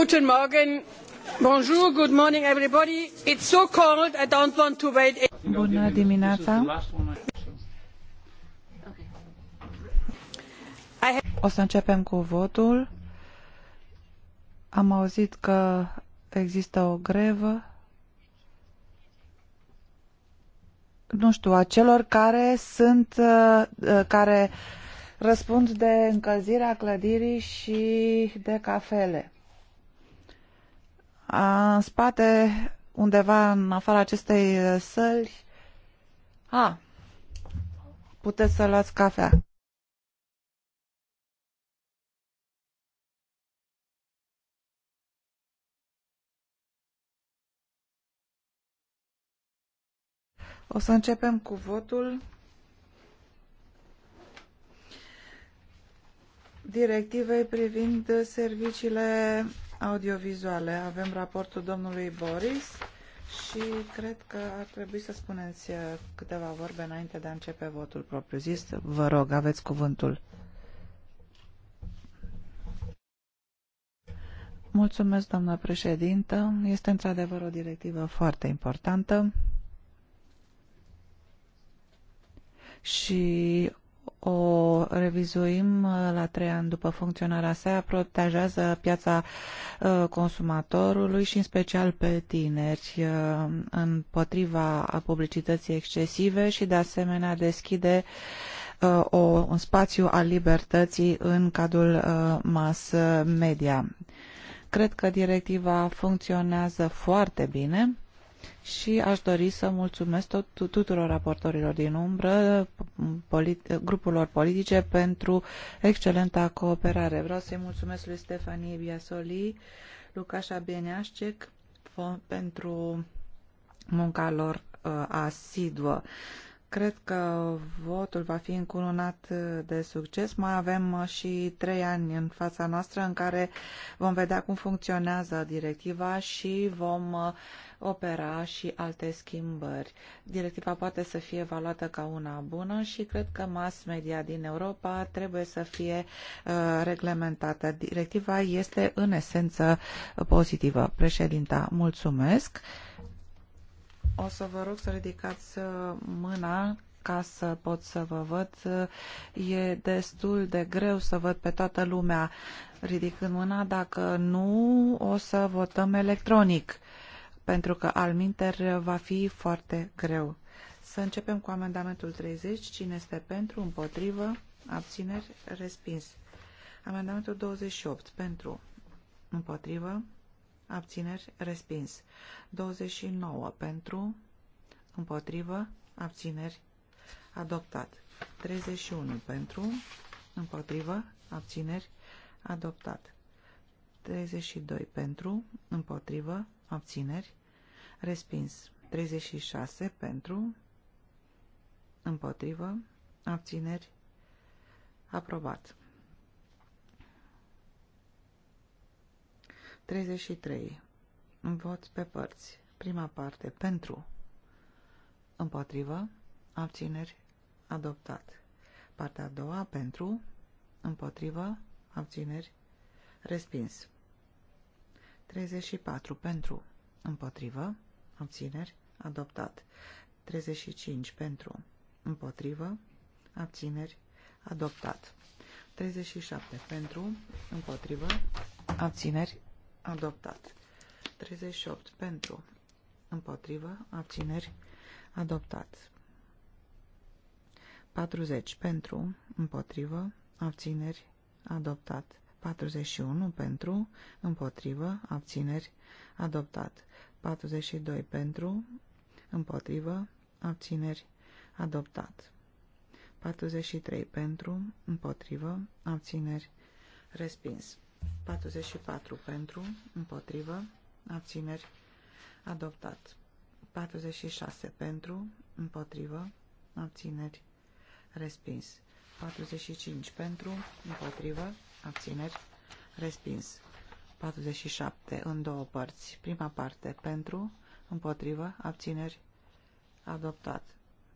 Guten Morgen. Bonjour, good morning everybody. It's so cold, I don't want to wait. Bună dimineața. O să începem cu votul. Am auzit că există o grevă. Nu știu, a celor care sunt, uh, uh, care răspund de încălzirea clădirii și de cafele în spate, undeva în afara acestei uh, săli. A, puteți să luați cafea. O să începem cu votul. Directivei privind serviciile audiovizuale. Avem raportul domnului Boris și cred că ar trebui să spuneți uh, câteva vorbe înainte de a începe votul propriu-zis. Vă rog, aveți cuvântul. Mulțumesc, doamnă președintă. Este într-adevăr o directivă foarte importantă și o revizuim uh, la trei ani după funcționarea sa, protejează piața uh, consumatorului și în special pe tineri uh, împotriva publicității excesive și de asemenea deschide o, un spațiu al libertății în cadrul mass media. Cred că directiva funcționează foarte bine și aș dori să mulțumesc tot, tuturor raportorilor din umbră, polit, grupurilor politice pentru excelenta cooperare. Vreau să-i mulțumesc lui Stefanie Biasoli, Lucașa Beneașcec pentru munca lor uh, asiduă. Cred că votul va fi încununat uh, de succes. Mai avem uh, și trei ani în fața noastră în care vom vedea cum funcționează directiva și vom uh, opera și alte schimbări. Directiva poate să fie evaluată ca una bună și cred că mass media din Europa trebuie să fie uh, reglementată. Directiva este în esență pozitivă. Președinta, mulțumesc. O să vă rog să ridicați uh, mâna ca să pot să vă văd. Uh, e destul de greu să văd pe toată lumea ridicând mâna. Dacă nu, o să votăm electronic pentru că alminter va fi foarte greu. Să începem cu amendamentul 30. Cine este pentru, împotrivă, abțineri, respins. Amendamentul 28. Pentru, împotrivă, abțineri, respins. 29. Pentru, împotrivă, abțineri, adoptat. 31. Pentru, împotrivă, abțineri, adoptat. 32. Pentru, împotrivă, abțineri, Respins. 36 pentru, împotrivă, abțineri, aprobat. 33. Vot pe părți. Prima parte. Pentru. Împotrivă. Abțineri. Adoptat. Partea a doua. Pentru. Împotrivă. Abțineri. Respins. 34. Pentru. Împotrivă abțineri, adoptat. 35 pentru, împotrivă, abțineri, adoptat. 37 pentru, împotrivă, abțineri, adoptat. 38 pentru, împotrivă, abțineri, adoptat. 40 pentru, împotrivă, abțineri, adoptat. 41 pentru, împotrivă, abțineri, adoptat. 42 pentru, împotrivă, abțineri, adoptat. 43 pentru, împotrivă, abțineri, respins. 44 pentru, împotrivă, abțineri, adoptat. 46 pentru, împotrivă, abțineri, respins. 45 pentru, împotrivă, abțineri, respins. 47 în două părți. Prima parte pentru, împotrivă, abțineri, adoptat.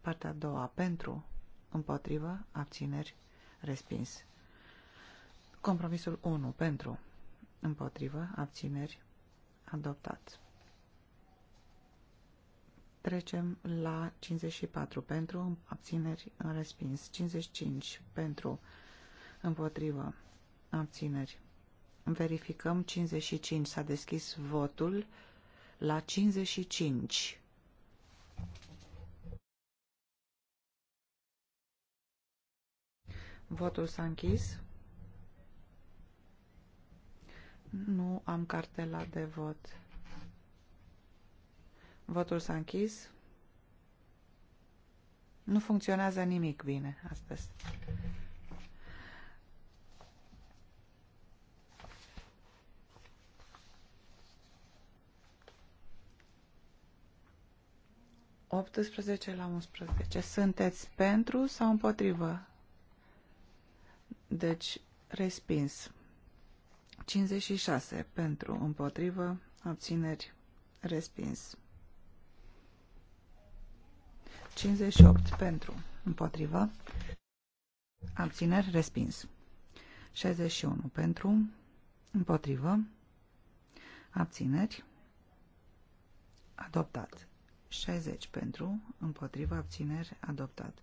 Partea a doua pentru, împotrivă, abțineri, respins. Compromisul 1 pentru, împotrivă, abțineri, adoptat. Trecem la 54 pentru, abțineri, respins. 55 pentru, împotrivă, abțineri, Verificăm 55. S-a deschis votul la 55. Votul s-a închis. Nu am cartela de vot. Votul s-a închis. Nu funcționează nimic bine astăzi. 18 la 11. Sunteți pentru sau împotrivă? Deci, respins. 56 pentru, împotrivă, abțineri, respins. 58 pentru, împotrivă, abțineri, respins. 61 pentru, împotrivă, abțineri, adoptat. 60 pentru, împotrivă, abțineri, adoptat.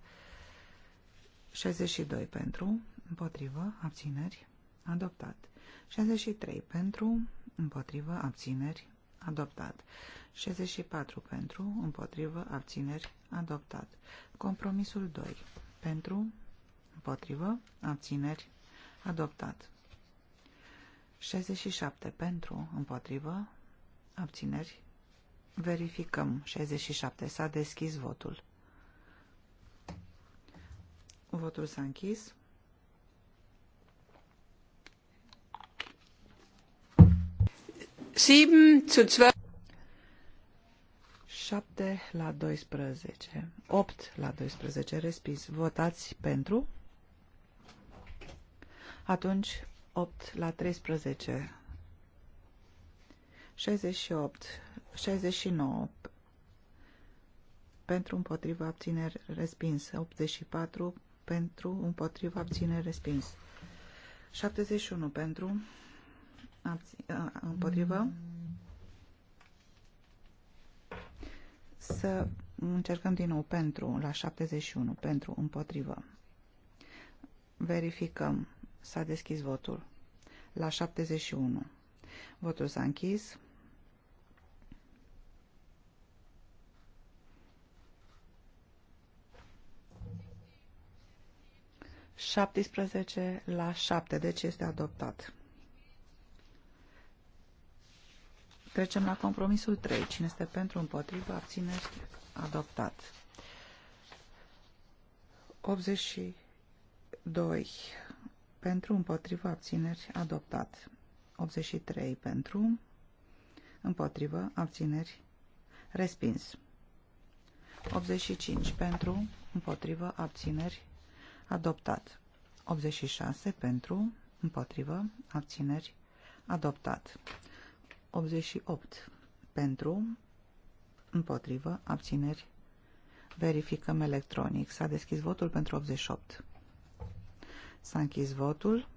62 pentru, împotrivă, abțineri, adoptat. 63 pentru, împotrivă, abțineri, adoptat. 64 pentru, împotrivă, abțineri, adoptat. Compromisul 2 pentru, împotrivă, abțineri, adoptat. 67 pentru, împotrivă, abțineri, Verificăm. 67. S-a deschis votul. Votul s-a închis. Șapte la 12. 8 la 12. Respins. Votați pentru. Atunci 8 la 13. 68 69 pentru împotriva abțineri respins. 84 pentru împotriva abțineri respins. 71 pentru împotriva. Să încercăm din nou pentru la 71 pentru împotrivă. Verificăm. S-a deschis votul. La 71. Votul s-a închis. 17 la 7, deci este adoptat. Trecem la compromisul 3. Cine este pentru, împotrivă, abțineri, adoptat. 82 pentru, împotrivă, abțineri, adoptat. 83 pentru, împotrivă, abțineri, respins. 85 pentru, împotrivă, abțineri, adoptat. 86 pentru, împotrivă, abțineri, adoptat. 88 pentru, împotrivă, abțineri, verificăm electronic. S-a deschis votul pentru 88. S-a închis votul.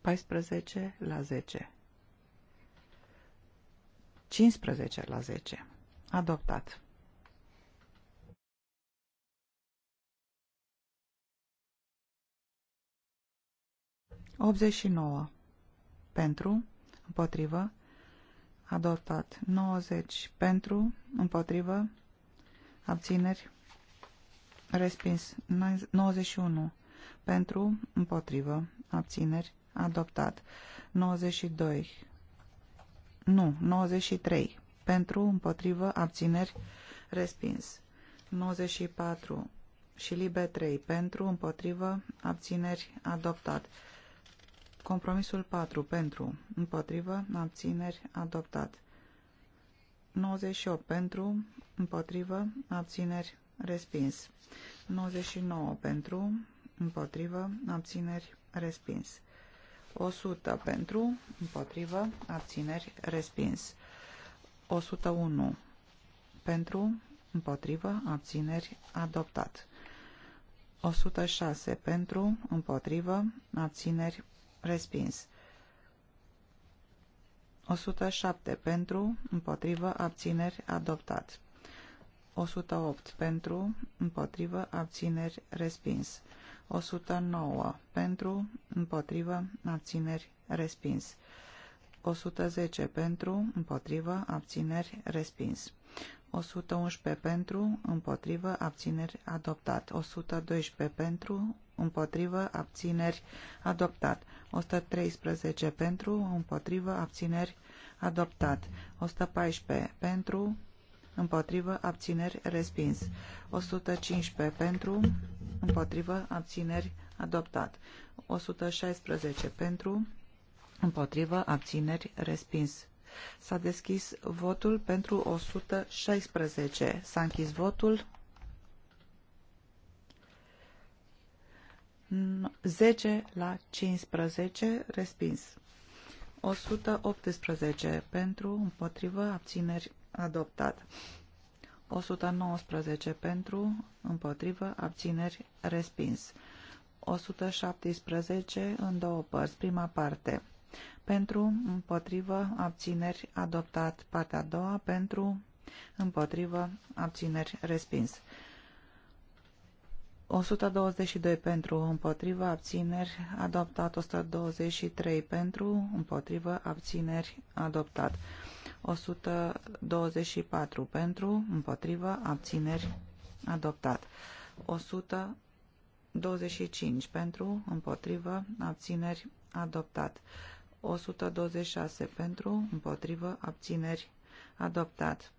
paisprezece la zece. 15 la 10. Adoptat. 89 pentru, împotrivă, adoptat. 90 pentru, împotrivă, abțineri, respins. 91 pentru, împotrivă, abțineri, adoptat. 92 nu, 93 pentru, împotrivă, abțineri, respins. 94 și libe 3 pentru, împotrivă, abțineri, adoptat. Compromisul 4 pentru, împotrivă, abțineri, adoptat. 98 pentru, împotrivă, abțineri, respins. 99 pentru, împotrivă, abțineri, respins. 100 pentru, împotrivă, abțineri, respins. 101 pentru, împotrivă, abțineri, adoptat. 106 pentru, împotrivă, abțineri, Respins. 107 pentru, împotrivă, abțineri, adoptat. 108 pentru, împotrivă, abțineri, respins. 109 pentru, împotrivă, abțineri, respins. 110 pentru, împotrivă, abțineri, respins. 111 pentru, împotrivă, abțineri, adoptat. 112 pentru, împotrivă, abțineri, adoptat. 113 pentru, împotrivă, abțineri, adoptat. 114 pentru, împotrivă, abțineri, respins. 115 pentru, împotrivă, abțineri, adoptat. 116 pentru, împotrivă, abțineri, respins. S-a deschis votul pentru 116. S-a închis votul. 10 la 15, respins. 118 pentru, împotrivă, abțineri, adoptat. 119 pentru, împotrivă, abțineri, respins. 117 în două părți, prima parte. Pentru, împotrivă, abțineri, adoptat. Partea a doua, pentru, împotrivă, abțineri, respins. 122 pentru, împotrivă, abțineri, adoptat. 123 pentru, împotrivă, abțineri, adoptat. 124 pentru, împotrivă, abțineri, adoptat. 125 pentru, împotrivă, abțineri, adoptat. 126 pentru, împotrivă, abțineri, adoptat.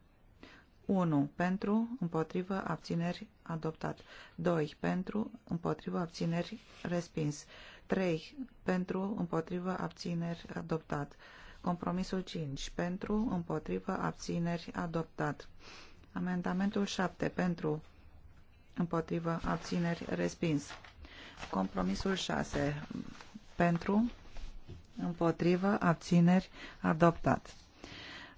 1. Pentru, împotrivă, abțineri, adoptat. 2. Pentru, împotrivă, abțineri, respins. 3. Pentru, împotrivă, abțineri, adoptat. Compromisul 5. Pentru, împotrivă, abțineri, adoptat. Amendamentul 7. Pentru, împotrivă, abțineri, respins. Compromisul 6. Pentru, împotrivă, abțineri, adoptat.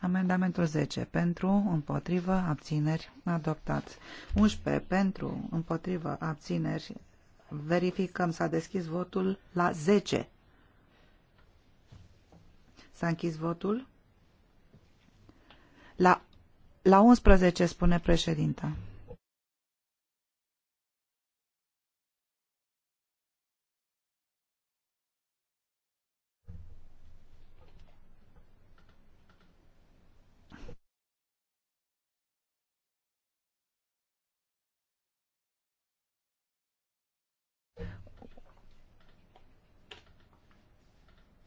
Amendamentul 10 pentru, împotrivă, abțineri, adoptat. 11 pentru, împotrivă, abțineri, verificăm, s-a deschis votul la 10. S-a închis votul? La, la 11, spune președinta.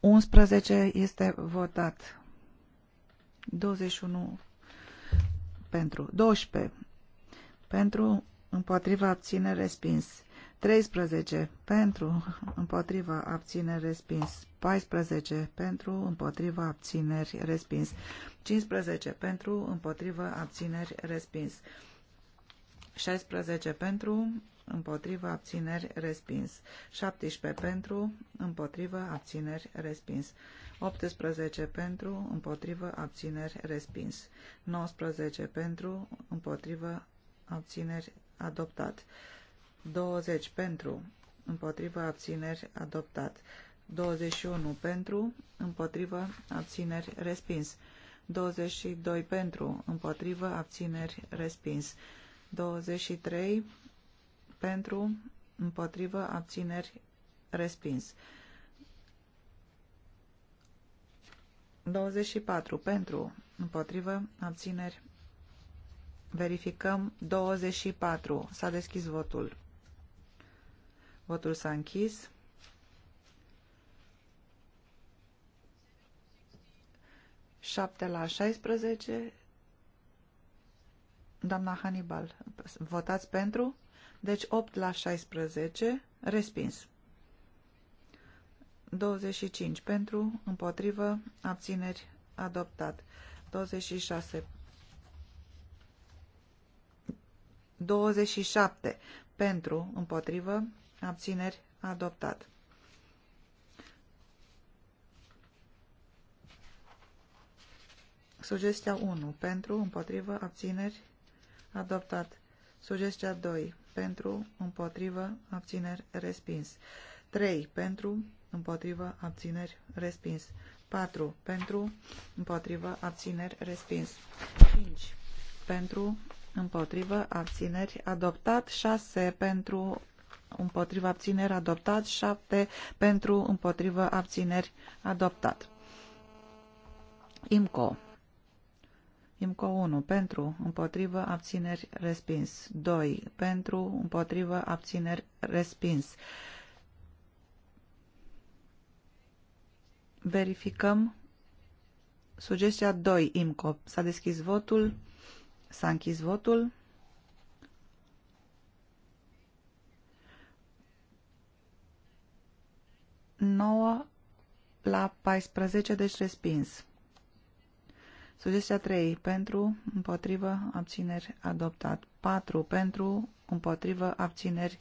11 este votat. 21 pentru. 12 pentru, împotriva, abține, respins. 13 pentru, împotriva, abține respins. 14 pentru, împotriva, abțineri, respins. 15 pentru, împotriva, abțineri, respins. 16 pentru, împotrivă, abțineri, respins. 17 pentru, împotrivă, abțineri, respins. 18 pentru, împotrivă, abțineri, respins. 19 pentru, împotrivă, abțineri, adoptat. 20 pentru, împotrivă, abțineri, adoptat. 21 pentru, împotrivă, abțineri, respins. 22 pentru, împotrivă, abțineri, respins. 23 pentru, împotrivă, abțineri, respins. 24 pentru, împotrivă, abțineri, verificăm 24. S-a deschis votul. Votul s-a închis. Șapte la 16. Doamna Hannibal, votați pentru? Deci 8 la 16, respins. 25 pentru, împotrivă, abțineri, adoptat. 26 27 pentru, împotrivă, abțineri, adoptat. 1. Pentru, împotrivă, abțineri, adoptat. Sugestia 2 pentru, împotrivă, abțineri, respins. 3. Pentru, împotrivă, abțineri, respins. 4. Pentru, împotrivă, abțineri, respins. 5. Pentru, împotrivă, abțineri, adoptat. 6. Pentru, împotrivă, abțineri, adoptat. 7. Pentru, împotrivă, abțineri, adoptat. IMCO IMCO 1 pentru, împotrivă, abțineri, respins. 2 pentru, împotrivă, abțineri, respins. Verificăm sugestia 2 IMCO. S-a deschis votul, s-a închis votul. Nouă la 14, deci respins. Sugestia 3. Pentru, împotrivă, abțineri, adoptat. 4. Pentru, împotrivă, abțineri,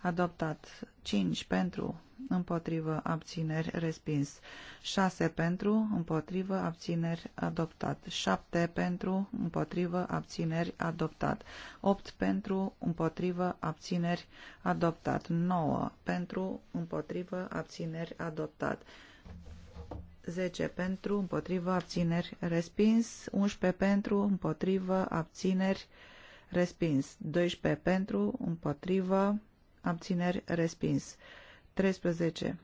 adoptat. 5. Pentru, împotrivă, abțineri, respins. 6. Pentru, împotrivă, abțineri, adoptat. 7. Pentru, împotrivă, abțineri, adoptat. 8. Pentru, împotrivă, abțineri, adoptat. 9. Pentru, împotrivă, abțineri, adoptat. 10 pentru, împotrivă, abțineri, respins. 11 pentru, împotrivă, abțineri, respins. 12 pentru, împotrivă, abțineri, respins. 13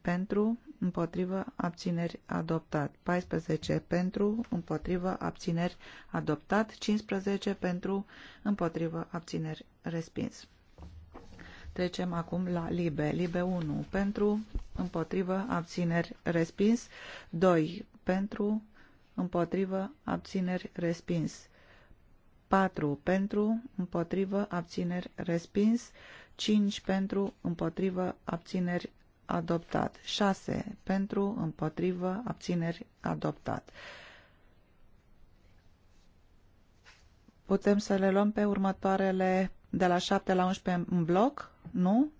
pentru, împotrivă, abțineri, adoptat. 14 pentru, împotrivă, abțineri, adoptat. 15 pentru, împotrivă, abțineri, respins. Trecem acum la Libe. Libe 1 pentru, împotrivă, abțineri, respins. 2 pentru, împotrivă, abțineri, respins. 4 pentru, împotrivă, abțineri, respins. 5 pentru, împotrivă, abțineri, adoptat. 6 pentru, împotrivă, abțineri, adoptat. Putem să le luăm pe următoarele de la 7 la 11 în bloc? nu?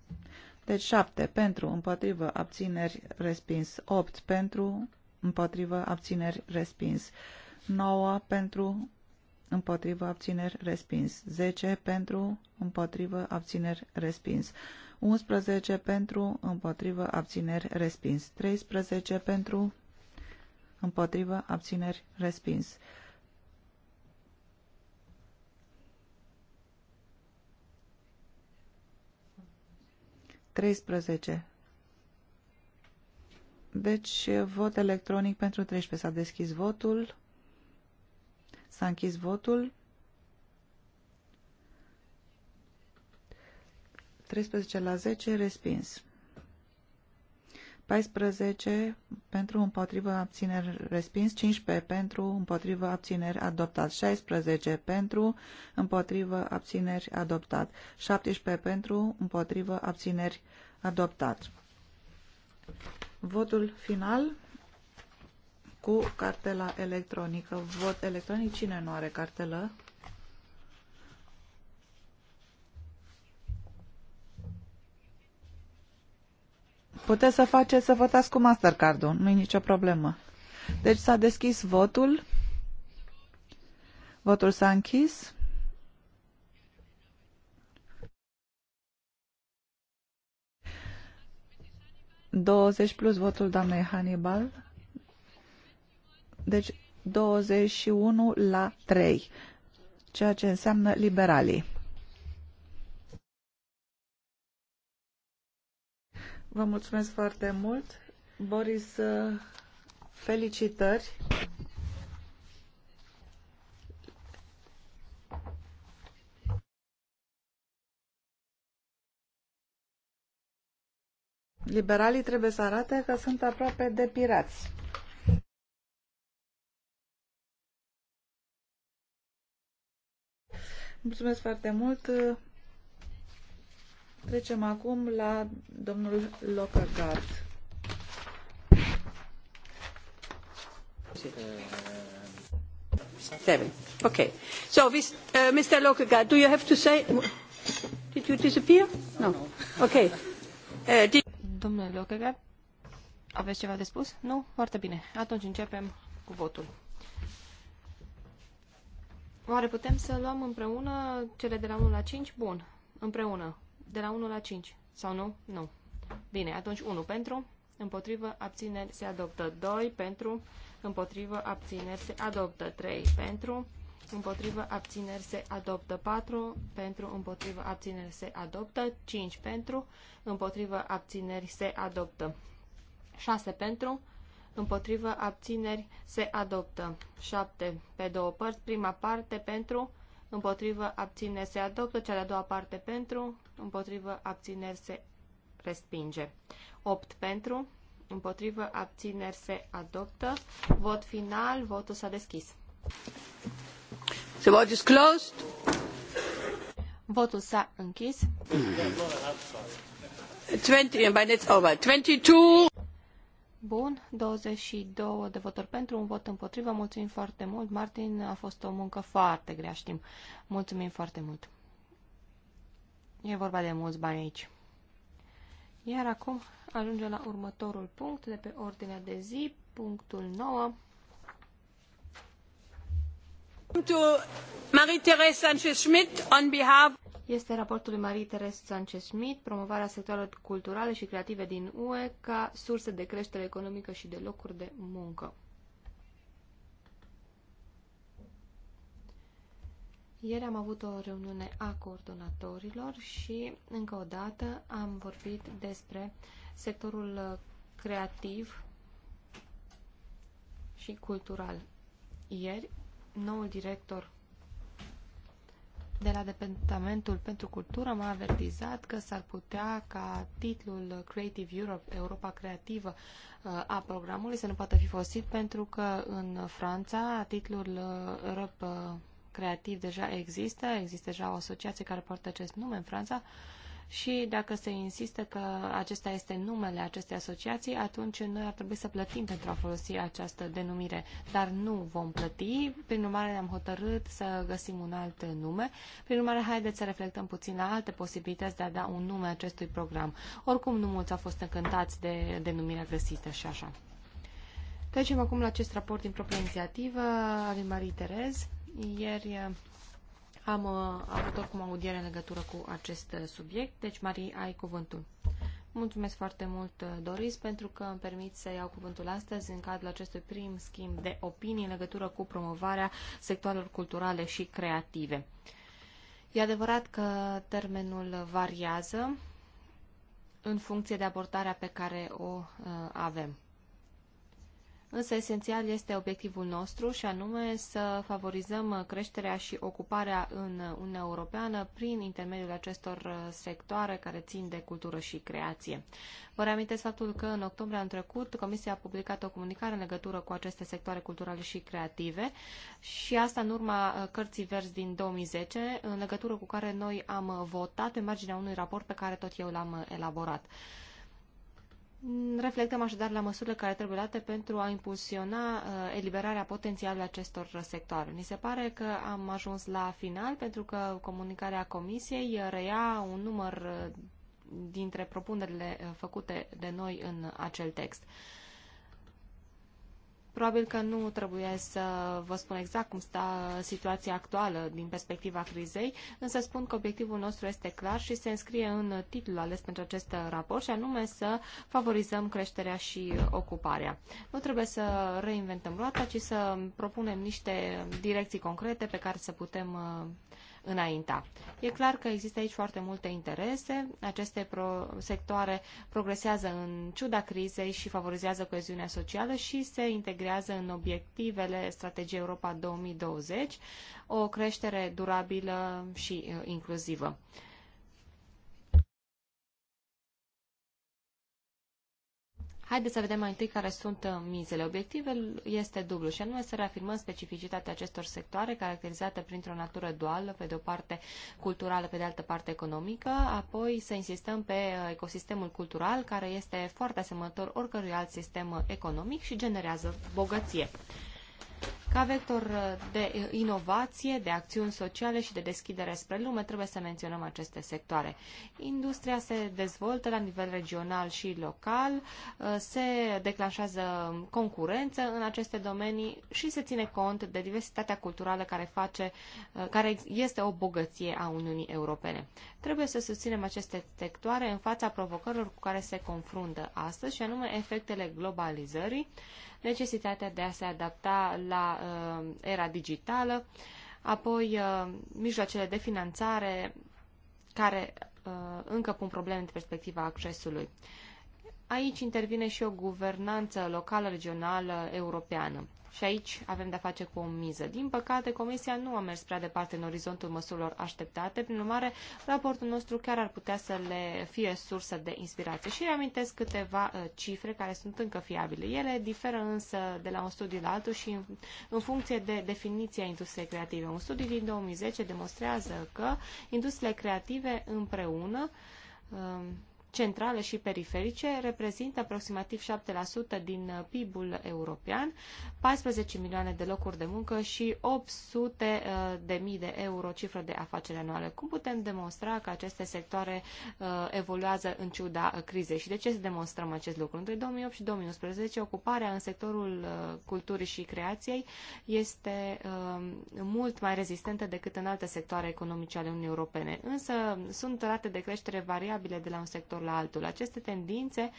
Deci 7 pentru, împotrivă, abțineri, respins. 8 pentru, împotrivă, abțineri, respins. 9 pentru, împotrivă, abțineri, respins. 10 pentru, împotrivă, abțineri, respins. 11 pentru, împotrivă, abțineri, respins. 13 pentru, împotrivă, abțineri, respins. 13. Deci, vot electronic pentru 13. S-a deschis votul. S-a închis votul. 13 la 10, respins paisprezece pentru împotrivă abțineri respins, 15 pentru împotrivă abțineri adoptat, 16 pentru împotrivă abțineri adoptat, 17 pentru împotrivă abțineri adoptat. Votul final cu cartela electronică. Vot electronic. Cine nu are cartelă? Puteți să faceți să votați cu Mastercard-ul, nu e nicio problemă. Deci s-a deschis votul. Votul s-a închis. Douăzeci plus votul doamnei Hannibal. Deci 21 la 3, ceea ce înseamnă liberalii. Vă mulțumesc foarte mult. Boris, felicitări. Liberalii trebuie să arate că sunt aproape de pirați. Mulțumesc foarte mult. Trecem acum la domnul Lockhart. Seven. Okay. So, this, uh, Mr. Lockhart, do you have to say? Did you disappear? No. Okay. Uh, did... Domnule Lockhart, aveți ceva de spus? Nu? Foarte bine. Atunci începem cu votul. Oare putem să luăm împreună cele de la 1 la 5? Bun. Împreună de la 1 la 5, sau nu? Nu. Bine, atunci 1 pentru, împotrivă, abțineri, se adoptă. 2 pentru, împotrivă, abțineri, se adoptă. 3 pentru, împotrivă, abțineri, se adoptă. 4 pentru, împotrivă, abțineri, se adoptă. 5 pentru, împotrivă, abțineri, se adoptă. 6 pentru, împotrivă, abțineri, se adoptă. 7 pe două părți, prima parte pentru, împotrivă, abțineri se adoptă, cea de-a doua parte pentru, împotrivă, abțineri se respinge. 8 pentru, împotrivă, abțineri se adoptă. Vot final, votul s-a deschis. Se vote is closed. Votul s-a închis. 20, and by it's over. 22. Bun, 22 de voturi pentru, un vot împotrivă. Mulțumim foarte mult. Martin, a fost o muncă foarte grea, știm. Mulțumim foarte mult. E vorba de mulți bani aici. Iar acum ajungem la următorul punct de pe ordinea de zi, punctul 9. Marie-Thérèse Sanchez-Schmidt on behalf este raportul lui Marie Therese Sanchez Schmidt, promovarea sectoarelor culturale și creative din UE ca surse de creștere economică și de locuri de muncă. Ieri am avut o reuniune a coordonatorilor și încă o dată am vorbit despre sectorul creativ și cultural. Ieri, noul director de la Departamentul pentru Cultură m-a avertizat că s-ar putea ca titlul Creative Europe, Europa Creativă uh, a programului să nu poată fi folosit pentru că în Franța titlul uh, Europe uh, Creativ deja există, există deja o asociație care poartă acest nume în Franța și dacă se insistă că acesta este numele acestei asociații, atunci noi ar trebui să plătim pentru a folosi această denumire, dar nu vom plăti. Prin urmare, ne-am hotărât să găsim un alt nume. Prin urmare, haideți să reflectăm puțin la alte posibilități de a da un nume acestui program. Oricum, nu mulți au fost încântați de denumirea găsită și așa. Trecem acum la acest raport din propria inițiativă al Marie Terez. Ieri am uh, avut oricum audiere în legătură cu acest uh, subiect, deci, Marie, ai cuvântul. Mulțumesc foarte mult, uh, Doris, pentru că îmi permit să iau cuvântul astăzi în cadrul acestui prim schimb de opinii în legătură cu promovarea sectoarelor culturale și creative. E adevărat că termenul variază în funcție de abordarea pe care o avem. Însă esențial este obiectivul nostru și anume să favorizăm creșterea și ocuparea în Uniunea Europeană prin intermediul acestor sectoare care țin de cultură și creație. Vă reamintesc faptul că în octombrie anul trecut Comisia a publicat o comunicare în legătură cu aceste sectoare culturale și creative și asta în urma cărții verzi din 2010, în legătură cu care noi am votat pe marginea unui raport pe care tot eu l-am elaborat. Reflectăm așadar la măsurile care trebuie luate pentru a impulsiona uh, eliberarea potențială a acestor sectoare. Mi se pare că am ajuns la final pentru că comunicarea Comisiei reia un număr uh, dintre propunerile uh, făcute de noi în acel text. Probabil că nu trebuie să vă spun exact cum stă situația actuală din perspectiva crizei, însă spun că obiectivul nostru este clar și se înscrie în titlul ales pentru acest raport, și anume să favorizăm creșterea și ocuparea. Nu trebuie să reinventăm roata, ci să propunem niște direcții concrete pe care să putem uh, înainta. E clar că există aici foarte multe interese, aceste pro sectoare progresează în ciuda crizei și favorizează coeziunea socială și se integrează în obiectivele strategiei Europa 2020, o creștere durabilă și uh, inclusivă. Haideți să vedem mai întâi care sunt uh, mizele. Obiectivul este dublu și anume să reafirmăm specificitatea acestor sectoare caracterizate printr-o natură duală, pe de o parte culturală, pe de altă parte economică, apoi să insistăm pe uh, ecosistemul cultural care este foarte asemănător oricărui alt sistem uh, economic și generează bogăție. Ca vector uh, de uh, inovație, de acțiuni sociale și de deschidere spre lume, trebuie să menționăm aceste sectoare. Industria se dezvoltă la nivel regional și local, uh, se declanșează concurență în aceste domenii și se ține cont de diversitatea culturală care, face, care este o bogăție a Uniunii Europene. Trebuie să susținem aceste sectoare în fața provocărilor cu care se confruntă astăzi, și anume efectele globalizării, necesitatea de a se adapta la uh, era digitală, apoi uh, mijloacele de finanțare care uh, încă pun probleme din perspectiva accesului. Uh, Aici intervine și o guvernanță locală, regională, europeană. Și aici avem de-a face cu o miză. Din păcate, Comisia nu a mers prea departe în orizontul măsurilor așteptate, prin urmare, raportul nostru chiar ar putea să le fie sursă de inspirație. Și reamintesc câteva uh, cifre care sunt încă fiabile. Ele diferă însă de la un studiu la altul și în, funcție de definiția industriei creative. Un studiu din 2010 demonstrează că industriile creative împreună um, centrale și periferice reprezintă aproximativ 7% din uh, PIB-ul european, 14 milioane de locuri de muncă și 800 uh, de mii de euro cifră de afaceri anuale. Cum putem demonstra că aceste sectoare uh, evoluează în ciuda crizei și de ce să demonstrăm acest lucru? Între 2008 și 2011, ocuparea în sectorul culturii și creației este mult mai rezistentă decât în alte sectoare economice ale Uniunii Europene, însă sunt rate de creștere variabile de la un sector sector la altul. Aceste tendințe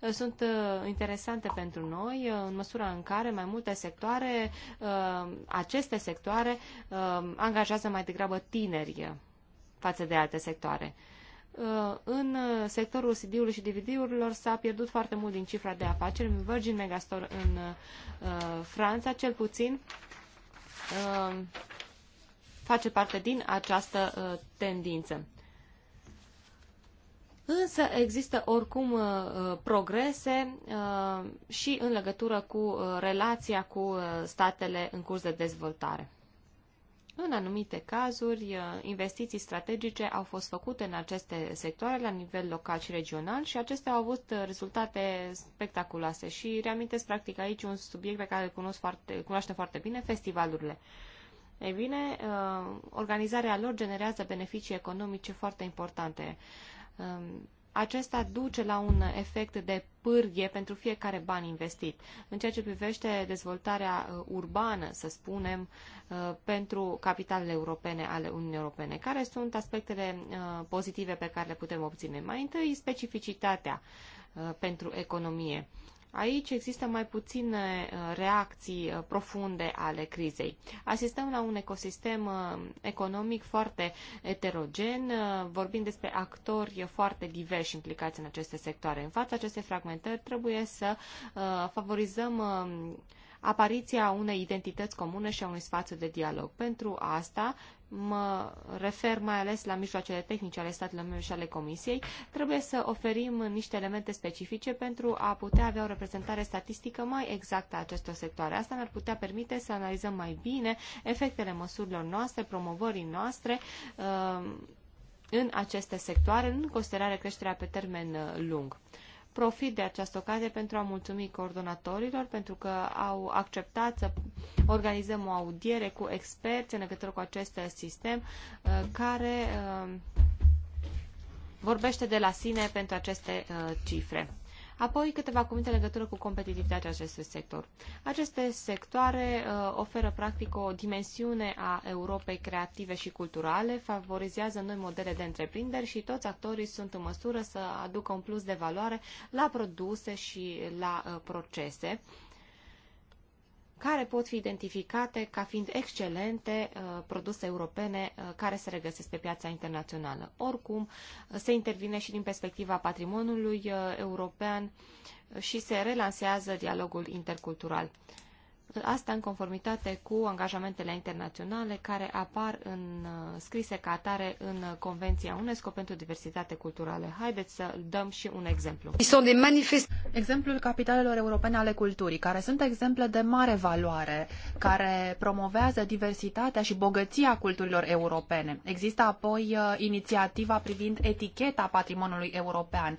uh, sunt uh, interesante pentru noi uh, în măsura în care mai multe sectoare, aceste sectoare angajează mai degrabă tineri față de alte sectoare în sectorul CD-ului și DVD-urilor s-a pierdut foarte mult din cifra de afaceri. Virgin Megastore în Franța, cel puțin, face parte din această tendință. Însă există oricum uh, uh, progrese uh, și în legătură cu relația cu statele în curs de dezvoltare. În anumite cazuri, investiții strategice au fost făcute în aceste sectoare la nivel local și regional și acestea au avut rezultate spectaculoase. Și reamintesc practic aici un subiect pe care îl cunosc foarte, cunoaște foarte bine, festivalurile. Ei bine, organizarea lor generează beneficii economice foarte importante. Um, acesta duce la un efect de pârghie pentru fiecare ban investit. În ceea ce privește dezvoltarea uh, urbană, să spunem, uh, pentru capitalele europene ale Uniunii Europene, care sunt aspectele uh, pozitive pe care le putem obține? Mai întâi, specificitatea pentru economie. Aici există mai puține uh, reacții uh, profunde ale crizei. Asistăm la un ecosistem uh, economic foarte eterogen, vorbim despre actori foarte diversi implicați în aceste sectoare. În fața acestei fragmentări trebuie să favorizăm um, apariția unei identități comune și a unui spațiu de dialog. Pentru asta mă refer mai ales la mijloacele tehnice ale statelor membre și ale Comisiei, trebuie să oferim niște elemente specifice pentru a putea avea o reprezentare statistică mai exactă a acestor sectoare. Asta ne-ar putea permite să analizăm mai bine efectele măsurilor noastre, promovării noastre, uh, în aceste sectoare, în considerare creșterea pe termen uh, lung. Profit de această ocazie pentru a mulțumi coordonatorilor pentru că au acceptat să organizăm o audiere cu experți în legătură cu acest sistem uh, care uh, vorbește de la sine pentru aceste uh, cifre. Apoi câteva cuvinte în legătură cu competitivitatea acestui sector. Aceste sectoare uh, oferă practic o dimensiune a Europei creative și culturale, favorizează noi modele de întreprinderi și toți actorii sunt în măsură să aducă un plus de valoare la produse și la uh, procese. Uh, care pot fi identificate ca fiind excelente uh, produse europene uh, care se regăsesc pe piața internațională. Oricum, uh, se intervine și din perspectiva patrimoniului european și se relansează dialogul intercultural asta în conformitate cu angajamentele internaționale care apar în uh, scrise ca atare în Convenția UNESCO pentru diversitate culturală. Haideți să dăm și un exemplu. Exemplul capitalelor europene ale culturii, care sunt exemple de mare valoare, care promovează diversitatea și bogăția culturilor europene. Există apoi uh, inițiativa privind eticheta patrimoniului european,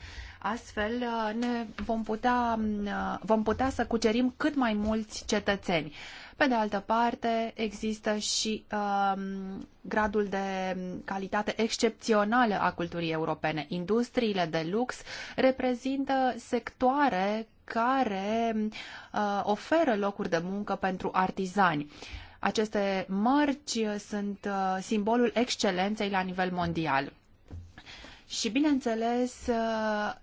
Astfel uh, ne vom putea, uh, vom putea să cucerim cât mai mulți cetățeni. Pe de altă parte, există și uh, gradul de calitate excepțională a culturii europene. Industriile de lux reprezintă sectoare care uh, oferă locuri de muncă pentru artizani. Aceste mărci sunt uh, simbolul excelenței la nivel mondial. Și, bineînțeles, uh,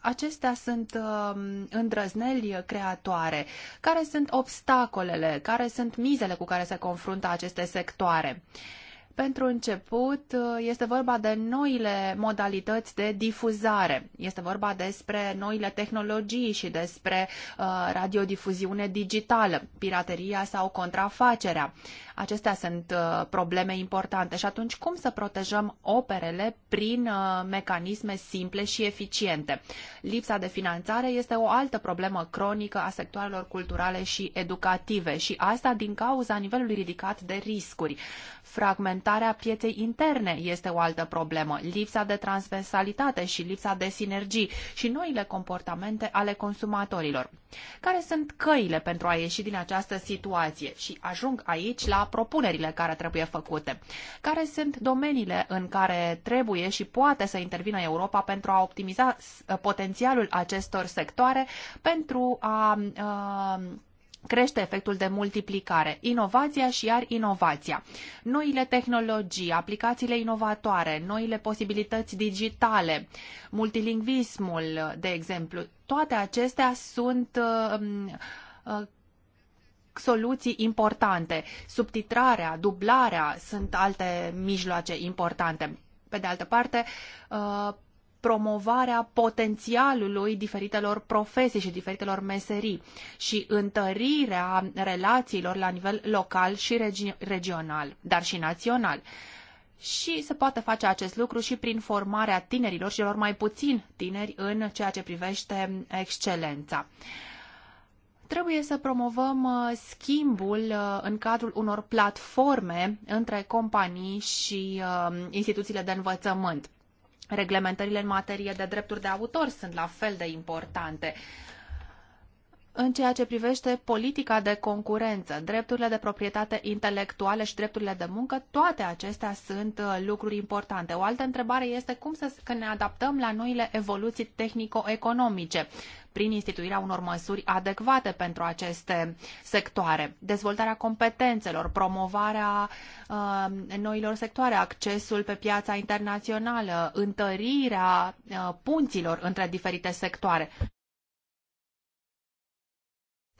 acestea sunt uh, îndrăzneli creatoare. Care sunt obstacolele, care sunt mizele cu care se confruntă aceste sectoare? Uh, pentru început, uh, este vorba de noile modalități de difuzare. Este vorba despre noile tehnologii și despre uh, radiodifuziune digitală, pirateria sau contrafacerea. Acestea sunt uh, probleme importante și atunci cum să protejăm operele prin uh, mecanisme simple și eficiente? Lipsa de finanțare este o altă problemă cronică a sectoarelor culturale și educative și asta din cauza nivelului ridicat de riscuri. Fragmentarea dezvoltarea pieței interne este o altă problemă, lipsa de transversalitate și lipsa de sinergii și noile comportamente ale consumatorilor. Care sunt căile pentru a ieși din această situație? Și ajung aici la propunerile care trebuie făcute. Care sunt domeniile în care trebuie și poate să intervină Europa pentru a optimiza potențialul acestor sectoare pentru a uh, crește efectul de multiplicare, inovația și iar inovația. Noile tehnologii, aplicațiile inovatoare, noile posibilități digitale, multilingvismul, de exemplu, toate acestea sunt uh, uh, soluții importante. Subtitrarea, dublarea sunt alte mijloace importante. Pe de altă parte, uh, promovarea potențialului diferitelor profesii și diferitelor meserii și întărirea relațiilor la nivel local și regi- regional, dar și național. Și se poate face acest lucru și prin formarea tinerilor și celor mai puțin tineri în ceea ce privește excelența trebuie să promovăm uh, schimbul uh, în cadrul unor platforme între companii și uh, instituțiile de învățământ. Reglementările în materie de drepturi de autor sunt la fel de importante. În ceea ce privește politica de concurență, drepturile de proprietate intelectuale, și drepturile de muncă, toate acestea sunt uh, lucruri importante. O altă întrebare este cum să, că ne adaptăm la noile evoluții tehnico-economice prin instituirea unor măsuri adecvate pentru aceste sectoare. Dezvoltarea competențelor, promovarea uh, noilor sectoare, accesul pe piața internațională, întărirea uh, punților între diferite sectoare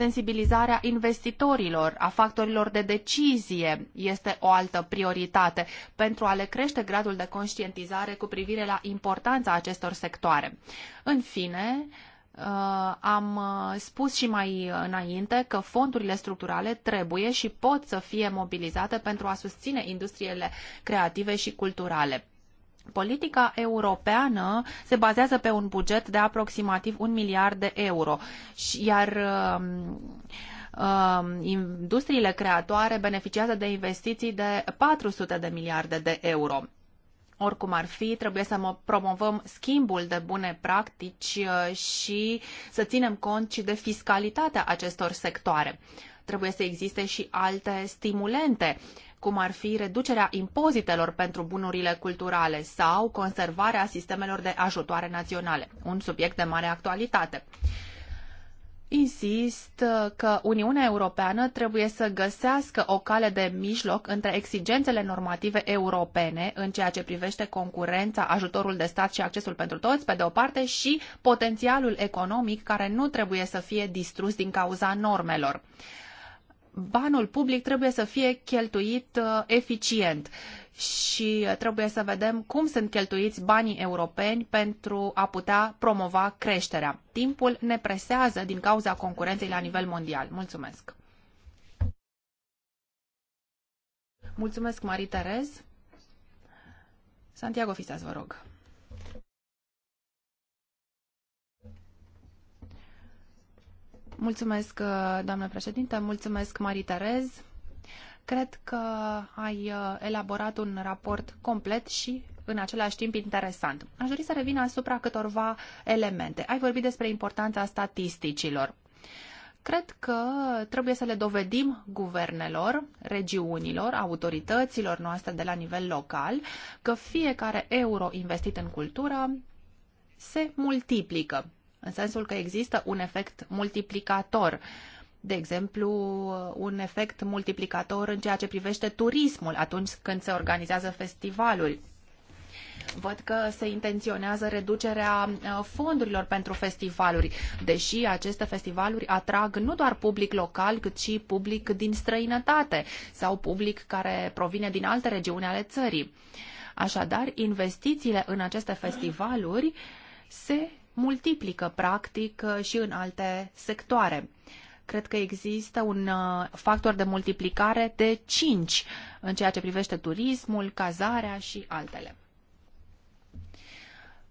sensibilizarea investitorilor, a factorilor de decizie este o altă prioritate pentru a le crește gradul de conștientizare cu privire la importanța acestor sectoare. În fine, Uh, am uh, spus și mai înainte că fondurile structurale trebuie și pot să fie mobilizate pentru a susține industriile creative și culturale. Politica europeană se bazează pe un buget de aproximativ un miliard de euro, iar um, um, industriile creatoare beneficiază de investiții de 400 de miliarde de euro. Oricum ar fi, trebuie să promovăm schimbul de bune practici uh, și să ținem cont și de fiscalitatea acestor sectoare. Trebuie să existe și alte stimulente cum ar fi reducerea impozitelor pentru bunurile culturale sau conservarea sistemelor de ajutoare naționale, un subiect de mare actualitate. Insist că Uniunea Europeană trebuie să găsească o cale de mijloc între exigențele normative europene în ceea ce privește concurența, ajutorul de stat și accesul pentru toți, pe de o parte, și potențialul economic care nu trebuie să fie distrus din cauza normelor banul public trebuie să fie cheltuit uh, eficient și uh, trebuie să vedem cum sunt cheltuiți banii europeni pentru a putea promova creșterea. Timpul ne presează din cauza concurenței la nivel mondial. Mulțumesc! Mulțumesc, Marie Terez. Santiago Fisas, vă rog. Mulțumesc, uh, doamnă președinte, mulțumesc, Marie Terez. Cred că ai uh, elaborat un raport complet și în același timp interesant. Aș dori să revin asupra câtorva elemente. Ai vorbit despre importanța statisticilor. Cred că trebuie să le dovedim guvernelor, regiunilor, autorităților noastre de la nivel local că fiecare euro investit în cultură se multiplică în sensul că există un efect multiplicator. De exemplu, un efect multiplicator în ceea ce privește turismul atunci când se organizează festivaluri. Văd că se intenționează reducerea uh, fondurilor pentru festivaluri, deși aceste festivaluri atrag nu doar public local, cât și public din străinătate sau public care provine din alte regiuni ale țării. Așadar, investițiile în aceste festivaluri se multiplică practic și în alte sectoare. Cred că există un uh, factor de multiplicare de 5 în ceea ce privește turismul, cazarea și altele.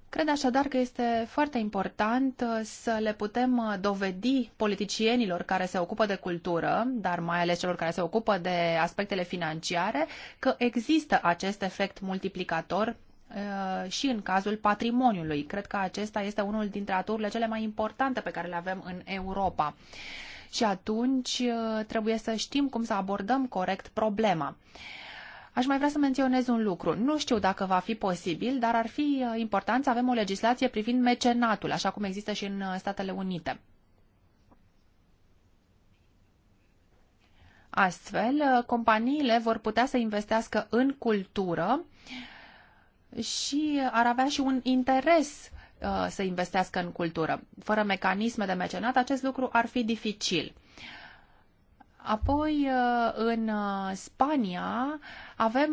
Cred așadar că este foarte important uh, să le putem uh, dovedi politicienilor care se ocupă de cultură, dar mai ales celor care se ocupă de aspectele financiare, că există acest efect multiplicator Uh, și în cazul patrimoniului. Cred că acesta este unul dintre aturile cele mai importante pe care le avem în Europa. Și atunci uh, trebuie să știm cum să abordăm corect problema. Aș mai vrea să menționez un lucru. Nu știu dacă va fi posibil, dar ar fi uh, important să avem o legislație privind mecenatul, așa cum există și în Statele Unite. Astfel, companiile vor putea să investească în cultură uh, și ar avea și un interes uh, să investească în cultură. Fără mecanisme de mecenat, acest lucru ar fi dificil. Apoi, uh, în uh, Spania, avem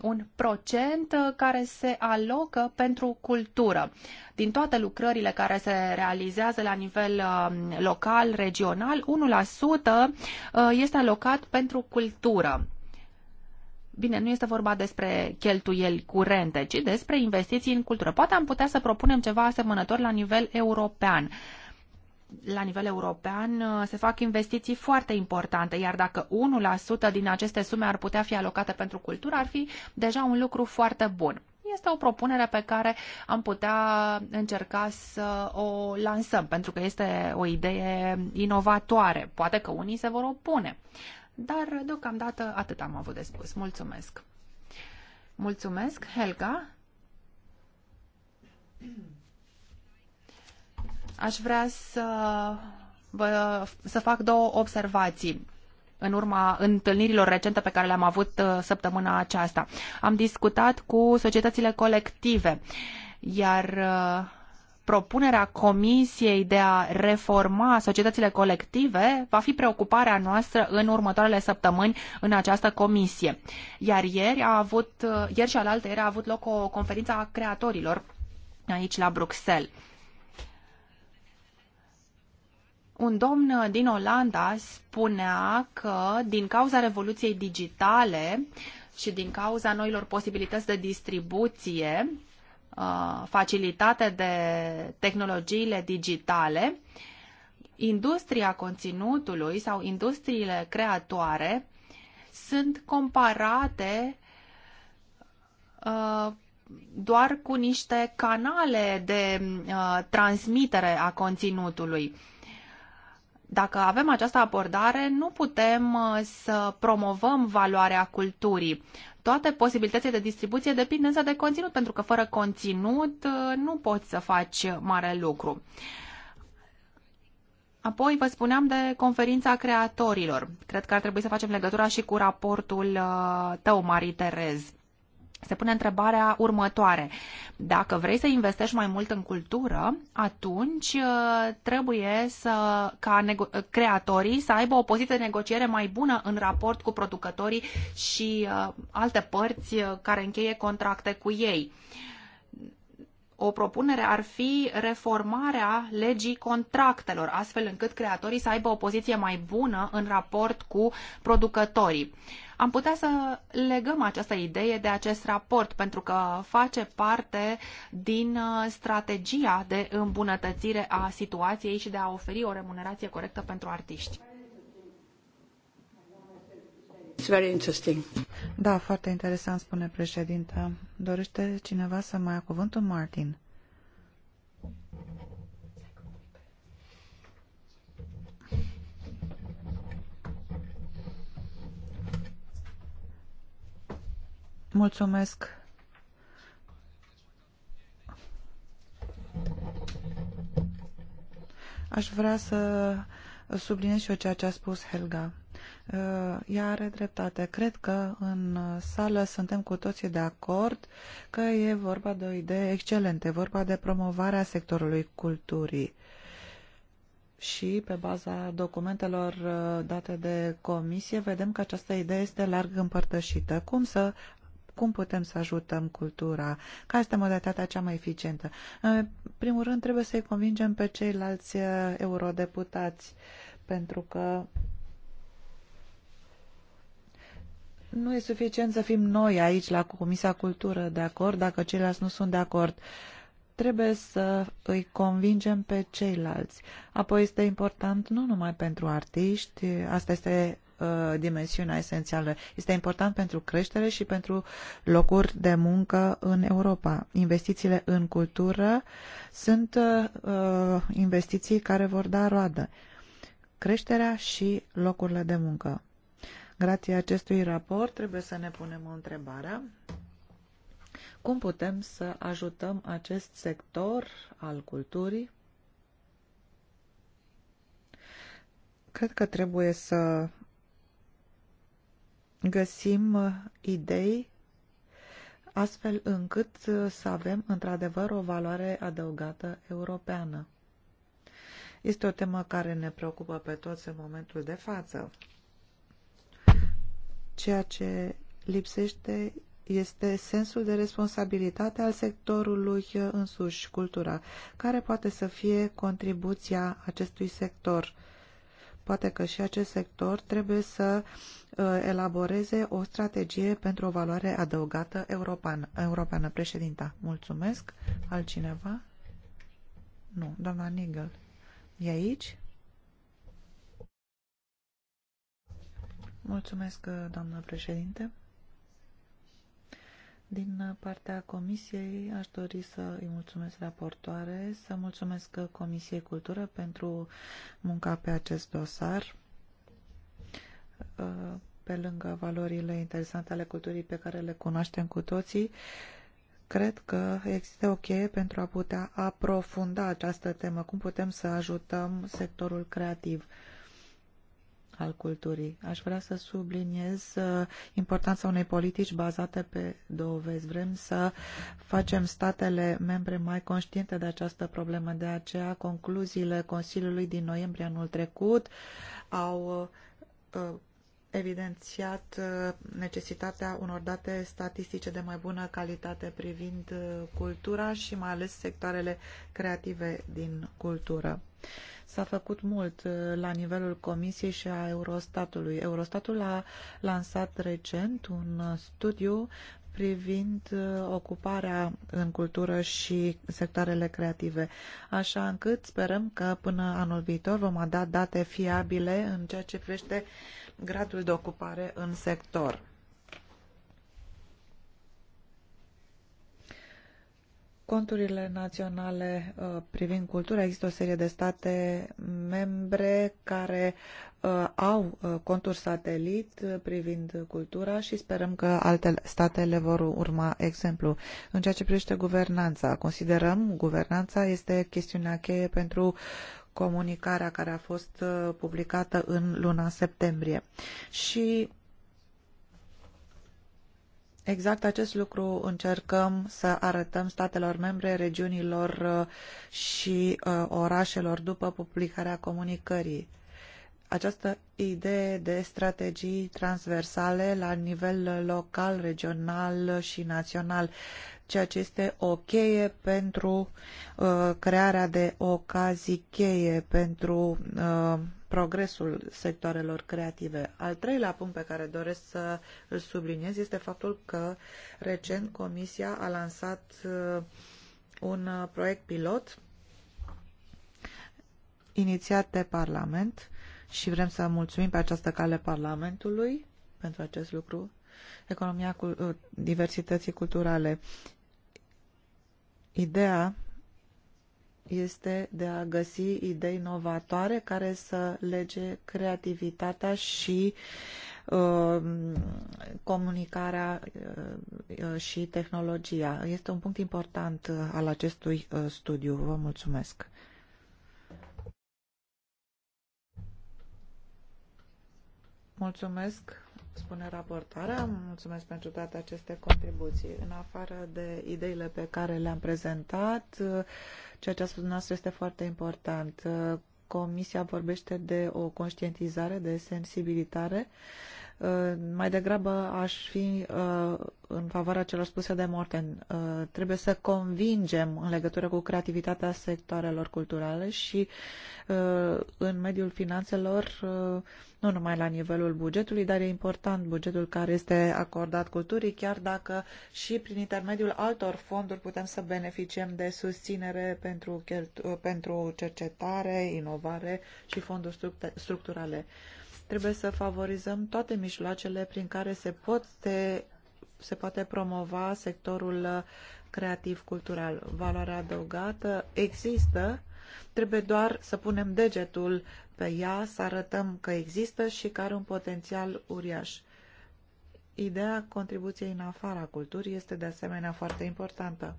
un procent care se alocă pentru cultură. Din toate lucrările care se realizează la nivel um, local, regional, 1% este alocat pentru cultură. Bine, nu este vorba despre cheltuieli curente, ci despre investiții în cultură. Poate am putea să propunem ceva asemănător la nivel european la nivel european uh, se fac investiții foarte importante, iar dacă 1% din aceste sume ar putea fi alocate pentru cultură, ar fi deja un lucru foarte bun. Este o propunere pe care am putea încerca să o lansăm, pentru că este o idee inovatoare. Poate că unii se vor opune. Dar deocamdată atât am avut de spus. Mulțumesc! Mulțumesc, Helga! Aș vrea să, vă, să fac două observații în urma întâlnirilor recente pe care le-am avut uh, săptămâna aceasta. Am discutat cu societățile colective, iar uh, propunerea Comisiei de a reforma societățile colective va fi preocuparea noastră în următoarele săptămâni în această comisie. Iar ieri a avut, ieri și alaltă ieri a avut loc o conferință a creatorilor aici la Bruxelles. un domn din Olanda spunea că din cauza revoluției digitale și din cauza noilor posibilități de distribuție, Uh, facilitate de tehnologiile digitale, industria conținutului sau industriile creatoare sunt comparate uh, doar cu niște canale de uh, transmitere a conținutului. Dacă avem această abordare, nu putem să promovăm valoarea culturii toate posibilitățile de distribuție depind însă de conținut, pentru că fără conținut uh, nu poți să faci mare lucru. Apoi vă spuneam de conferința creatorilor. Cred că ar trebui să facem legătura și cu raportul uh, tău, Marie Terez se pune întrebarea următoare. Dacă vrei să investești mai mult în cultură, atunci uh, trebuie să, ca uh, creatorii să aibă o poziție de negociere mai bună în raport cu producătorii și uh, alte părți uh, care încheie contracte cu ei. O propunere ar fi reformarea legii contractelor, astfel încât creatorii să aibă o poziție mai bună în raport cu producătorii. Uh, am putea să legăm această idee de acest raport, pentru că face parte din uh, strategia de îmbunătățire a situației și de a oferi o remunerație corectă pentru artiști. It's very interesting. Da, foarte interesant, spune președinta. Dorește cineva să mai ia cuvântul, Martin? Mulțumesc. Aș vrea să subliniez și eu ceea ce a spus Helga. Uh, ea are dreptate. Cred că în sală suntem cu toții de acord că e vorba de o idee excelentă, vorba de promovarea sectorului culturii și pe baza documentelor uh, date de comisie vedem că această idee este larg împărtășită. Cum să cum putem să ajutăm cultura, care este modalitatea cea mai eficientă. În primul rând, trebuie să-i convingem pe ceilalți uh, eurodeputați, pentru că nu e suficient să fim noi aici la Comisia Cultură de acord dacă ceilalți nu sunt de acord. Trebuie să îi convingem pe ceilalți. Apoi este important nu numai pentru artiști, asta este Uh, dimensiunea esențială. Este important pentru creștere și pentru locuri de muncă în Europa. Investițiile în cultură sunt uh, uh, investiții care vor da roadă. Creșterea și locurile de muncă. Grație acestui raport trebuie să ne punem întrebarea cum putem să ajutăm acest sector al culturii? Cred că trebuie să găsim uh, idei astfel încât uh, să avem într-adevăr o valoare adăugată europeană. Este o temă care ne preocupă pe toți în momentul de față. Ceea ce lipsește este sensul de responsabilitate al sectorului uh, însuși, cultura. Care poate să fie contribuția acestui sector? Poate că și acest sector trebuie să uh, elaboreze o strategie pentru o valoare adăugată europeană. europeană. Președinta, mulțumesc. Altcineva? Nu, doamna Nigel. E aici? Mulțumesc, uh, doamnă președinte. Din partea Comisiei aș dori să îi mulțumesc raportoare, să mulțumesc Comisiei Cultură pentru munca pe acest dosar. Pe lângă valorile interesante ale culturii pe care le cunoaștem cu toții, cred că există o cheie pentru a putea aprofunda această temă. Cum putem să ajutăm sectorul creativ? al culturii. Aș vrea să subliniez uh, importanța unei politici bazate pe dovezi. Vrem să facem statele membre mai conștiente de această problemă. De aceea, concluziile Consiliului din noiembrie anul trecut au uh, evidențiat uh, necesitatea unor date statistice de mai bună calitate privind cultura și mai ales sectoarele creative din cultură. S-a făcut mult uh, la nivelul Comisiei și a Eurostatului. Eurostatul a lansat recent un uh, studiu privind uh, ocuparea în cultură și sectoarele creative, așa încât sperăm că până anul viitor vom da date fiabile în ceea ce privește gradul de ocupare în sector. conturile naționale uh, privind cultura. Există o serie de state membre care uh, au uh, conturi satelit privind cultura și sperăm că alte state le vor urma exemplu. În ceea ce privește guvernanța, considerăm guvernanța este chestiunea cheie pentru comunicarea care a fost publicată în luna septembrie. Și Exact acest lucru încercăm să arătăm statelor membre, regiunilor uh, și uh, orașelor după publicarea comunicării. Această idee de strategii transversale la nivel local, regional și național, ceea ce este o cheie pentru uh, crearea de ocazii cheie pentru uh, progresul sectoarelor creative. Al treilea punct pe care doresc să îl subliniez este faptul că recent Comisia a lansat uh, un uh, proiect pilot inițiat de Parlament și vrem să mulțumim pe această cale Parlamentului pentru acest lucru, economia cu, uh, diversității culturale. Ideea este de a găsi idei inovatoare care să lege creativitatea și uh, comunicarea uh, uh, și tehnologia. Este un punct important al acestui studiu. Vă mulțumesc. Mulțumesc spune raportoarea. Mulțumesc pentru toate aceste contribuții. În afară de ideile pe care le-am prezentat, ceea ce a spus dumneavoastră este foarte important. Comisia vorbește de o conștientizare, de sensibilitare mai degrabă aș fi uh, în favoarea celor spuse de Morten. Uh, trebuie să convingem în legătură cu creativitatea sectoarelor culturale și uh, în mediul finanțelor, nu numai la nivelul bugetului, dar e important bugetul care este acordat culturii, chiar dacă și prin intermediul altor fonduri putem să beneficiem de susținere pentru, pentru cercetare, inovare și fonduri structurale. Trebuie să favorizăm toate mijloacele prin care se, poate, se poate promova sectorul uh, creativ-cultural. Valoarea adăugată există, trebuie doar să punem degetul pe ea, să arătăm că există și că are un potențial uriaș. Ideea contribuției în afara culturii este de asemenea foarte importantă.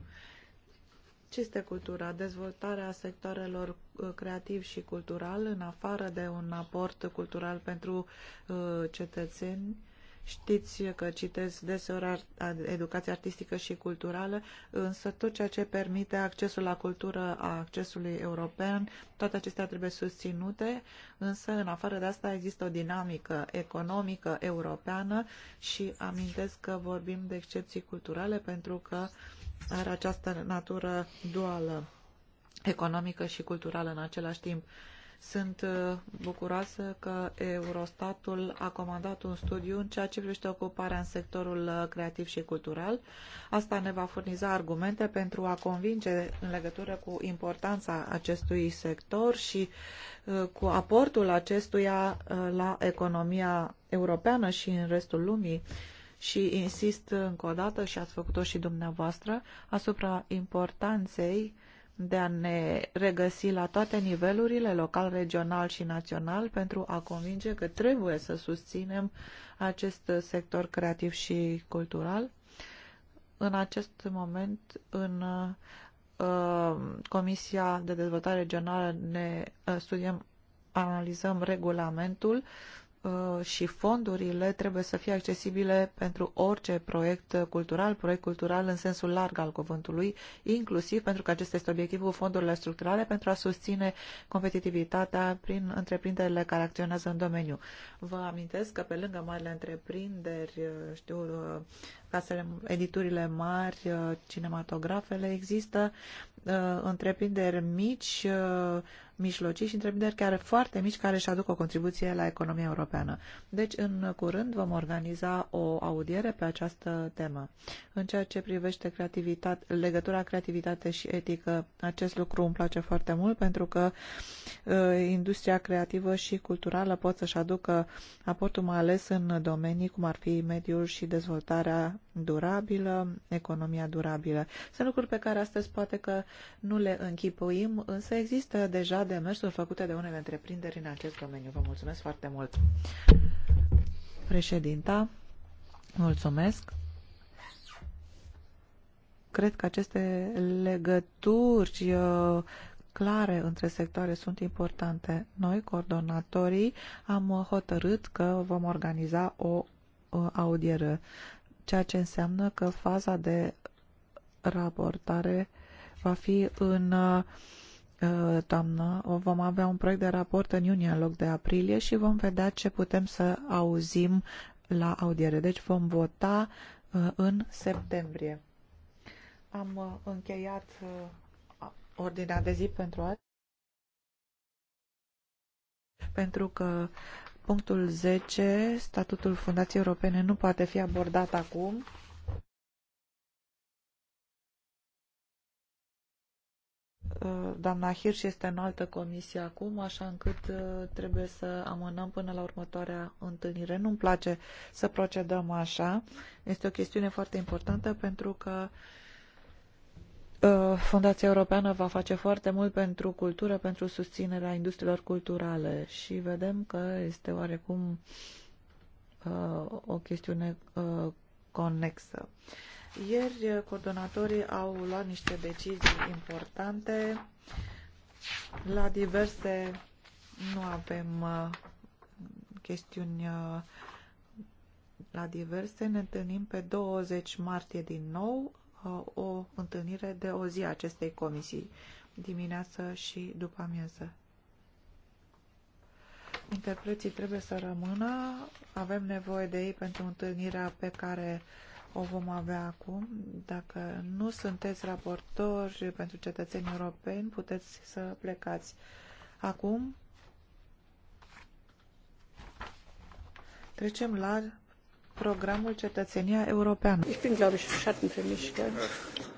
Ce este cultura? Dezvoltarea sectoarelor uh, creativ și cultural, în afară de un aport cultural pentru uh, cetățeni. Știți că citez deseori educația artistică și culturală, însă tot ceea ce permite accesul la cultură a accesului european, toate acestea trebuie susținute, însă în afară de asta există o dinamică economică europeană și amintesc că vorbim de excepții culturale pentru că uh, are această natură duală, economică și culturală în același timp. Sunt uh, bucuroasă că Eurostatul a comandat un studiu în ceea ce privește ocuparea în sectorul uh, creativ și cultural. Asta ne va furniza argumente pentru a convinge în legătură cu importanța acestui sector și uh, cu aportul acestuia la economia europeană și în restul lumii și insist încă o dată și ați făcut-o și dumneavoastră asupra importanței de a ne regăsi la toate nivelurile, local, regional și național, pentru a convinge că trebuie să susținem acest sector creativ și cultural. În acest moment, în uh, Comisia de Dezvoltare Regională ne uh, studiem, analizăm regulamentul Uh, și fondurile trebuie să fie accesibile pentru orice proiect cultural, proiect cultural în sensul larg al cuvântului, inclusiv pentru că acesta este obiectivul fondurilor structurale pentru a susține competitivitatea prin întreprinderile care acționează în domeniu. Vă amintesc că pe lângă marile întreprinderi, uh, știu, uh, casele, editurile mari, cinematografele, există întreprinderi mici, mijlocii și întreprinderi care foarte mici care își aduc o contribuție la economia europeană. Deci, în curând vom organiza o audiere pe această temă. În ceea ce privește creativitate, legătura creativitate și etică, acest lucru îmi place foarte mult pentru că uh, industria creativă și culturală pot să-și aducă aportul mai ales în domenii cum ar fi mediul și dezvoltarea durabilă, economia durabilă. Sunt lucruri pe care astăzi poate că nu le închipuim, însă există deja demersuri făcute de unele întreprinderi în acest domeniu. Vă mulțumesc foarte mult. Președinta, mulțumesc. Cred că aceste legături uh, clare între sectoare sunt importante. Noi, coordonatorii, am hotărât că vom organiza o uh, audieră ceea ce înseamnă că faza de raportare va fi în uh, toamnă. Vom avea un proiect de raport în iunie în loc de aprilie și vom vedea ce putem să auzim la audiere. Deci vom vota uh, în septembrie. Am uh, încheiat ordinea de zi pentru azi. Pentru că Punctul 10, statutul Fundației Europene nu poate fi abordat acum. Uh, doamna Hirsch este în altă comisie acum, așa încât uh, trebuie să amânăm până la următoarea întâlnire. Nu-mi place să procedăm așa. Este o chestiune foarte importantă pentru că uh, Uh, Fundația Europeană va face foarte mult pentru cultură, pentru susținerea industriilor culturale și vedem că este oarecum uh, o chestiune uh, conexă. Ieri coordonatorii au luat niște decizii importante. La diverse nu avem chestiuni la diverse. Ne întâlnim pe 20 martie din nou Uh, o întâlnire de o zi a acestei comisii, dimineață și după amiază. Interpreții trebuie să rămână, avem nevoie de ei pentru întâlnirea pe care o vom avea acum. Dacă nu sunteți raportori pentru cetățenii europeni, puteți să plecați acum. Trecem la programul Cetățenia Europeană. Ich bin, glaube ich, Schatten für mich, gell?